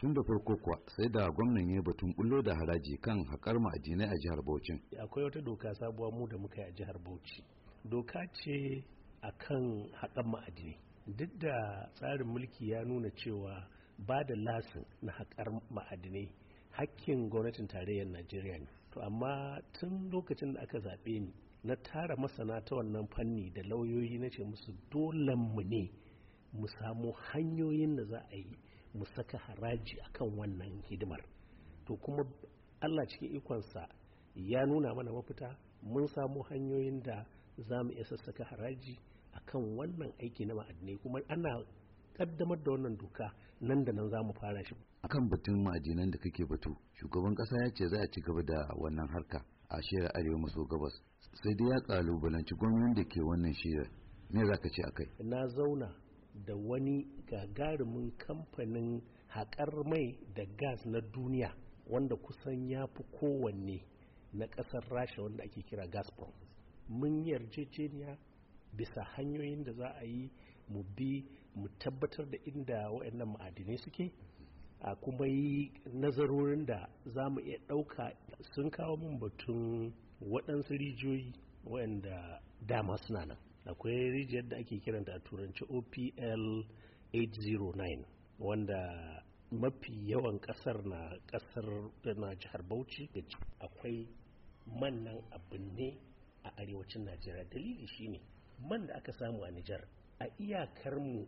tun da farko kuwa sai da gwamnan ya batun bullo da haraji kan haƙar ma'adinai a jihar Bauchi. Akwai wata doka sabuwa mu da muka yi a jihar Bauchi. Doka ce a kan haƙar ma'adinai. Duk da tsarin mulki ya nuna cewa ba da lasin na haƙar ma'adinai hakkin gwamnatin tarayyar Najeriya ne. To amma tun lokacin da aka zaɓe ni na tara masana ta wannan fanni da lauyoyi na ce musu dole mu ne mu samu hanyoyin da za a yi mu saka haraji akan wannan hidimar to kuma allah cikin ikonsa ya nuna mana mafita mun samu hanyoyin da za mu iya sassaka haraji akan wannan aiki na ma'adinai kuma ana kaddamar da wannan doka nan da nan za mu fara shi akan batun ma'adinan da kake batu shugaban kasa ya ce za a ci gaba da wannan harka a shirar arewa maso gabas sai dai ya kalubalanci gwamnan da ke wannan shirar me za ka ce akai na zauna da wani gagarumin kamfanin haƙar mai da gas na duniya wanda kusan ya fi kowanne na ƙasar rasha wanda ake kira gazprom mun yarjejeniya bisa hanyoyin da za a yi mu bi mu tabbatar da inda waɗannan ma'adinai suke a kuma yi nazarorin da za mu iya ɗauka sun kawo mun batun waɗansu rijiyoyi waɗanda dama suna nan akwai rijiyar da ake kiranta a turanci opl 809 wanda mafi yawan kasar na kasar na jihar bauchi da akwai man abin ne a arewacin najeriya dalili shine man da aka samu a nijar a iyakar mu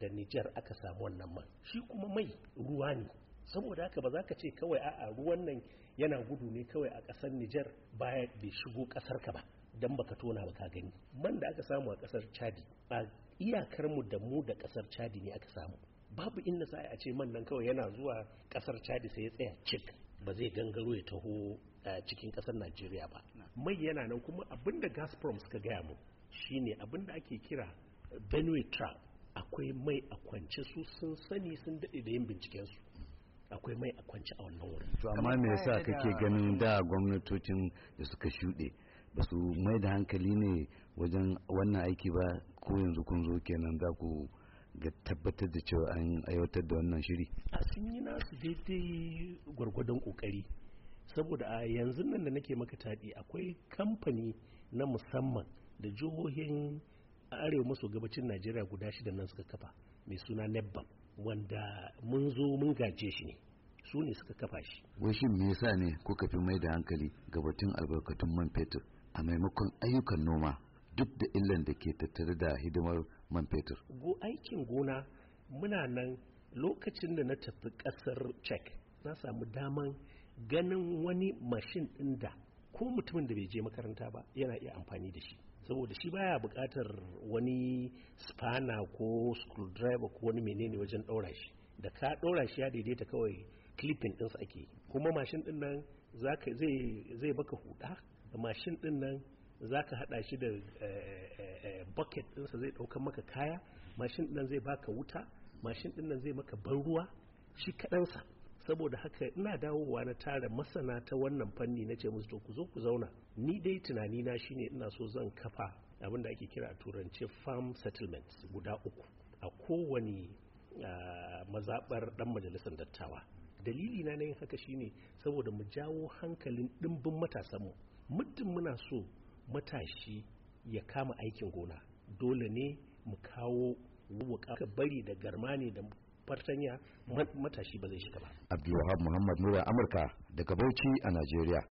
da nijar aka samu wannan man shi kuma mai ruwa ne saboda haka ba za ka ce kawai a'a ruwan nan yana gudu ne kawai a ƙasar nijar baya bai shigo ƙasar ka ba don baka tona ba ka gani man da aka samu a kasar chadi a iyakar mu da mu da kasar chadi ne aka samu babu inda sai a ce man nan kawai yana zuwa kasar chadi sai ya tsaya cik ba zai gangaro ya taho a cikin kasar najeriya ba mai yana nan kuma abinda gazprom suka gaya mu shine abinda ake kira benue trap akwai mai a kwance su sun sani sun daɗe da yin binciken su akwai mai a kwance a wannan wurin. To amma me yasa kake ganin da gwamnatocin da suka shuɗe ba su mai da hankali ne wajen wannan aiki ba ko yanzu kun zo kenan za ku ga tabbatar da cewa an aiwatar da wannan shiri a sun yi nasu daidai gwargwadon kokari saboda a yanzu nan da nake maka taɗi akwai kamfani na musamman da jihohin arewa maso gabacin najeriya guda shida nan suka kafa mai suna nebbam wanda mun zo mun gaje shi ne su ne suka kafa shi. Wai shin me yasa ne kuka fi mai da hankali ga batun albarkatun man fetur? a maimakon ayyukan noma duk da illan da ke tattare da hidimar man fetur. Go aikin gona muna nan lokacin da na tafi ƙasar cek na samu daman ganin wani mashin ɗin da ko mutumin da bai je makaranta ba yana iya amfani da shi saboda shi baya buƙatar wani spana ko screwdriver ko wani menene wajen ɗaura shi da ka ɗora shi ya daidaita kawai clipping ɗinsa ake kuma mashin ɗin nan zai baka huda? mashin din nan za ka hada shi da eh, eh, eh, bucket ɗinsa zai ɗaukar maka kaya mashin din nan zai baka wuta mashin din nan zai maka ban ruwa shi kaɗansa saboda haka ina dawowa na tara masana ta wannan fanni na ce musu to ku zo ku zauna ni dai tunani na shine ina so zan kafa abin da ake kira a turance farm settlement guda uku a kowane mazabar dan majalisar dattawa dalili na yin haka shine saboda mu jawo hankalin dimbin matasanmu muddin muna so matashi ya kama aikin gona dole ne mu kawo wuka bari da garma ne da fartanya matashi ba zai shiga ba Abdullahi muhammad Nura amurka daga bauchi a najeriya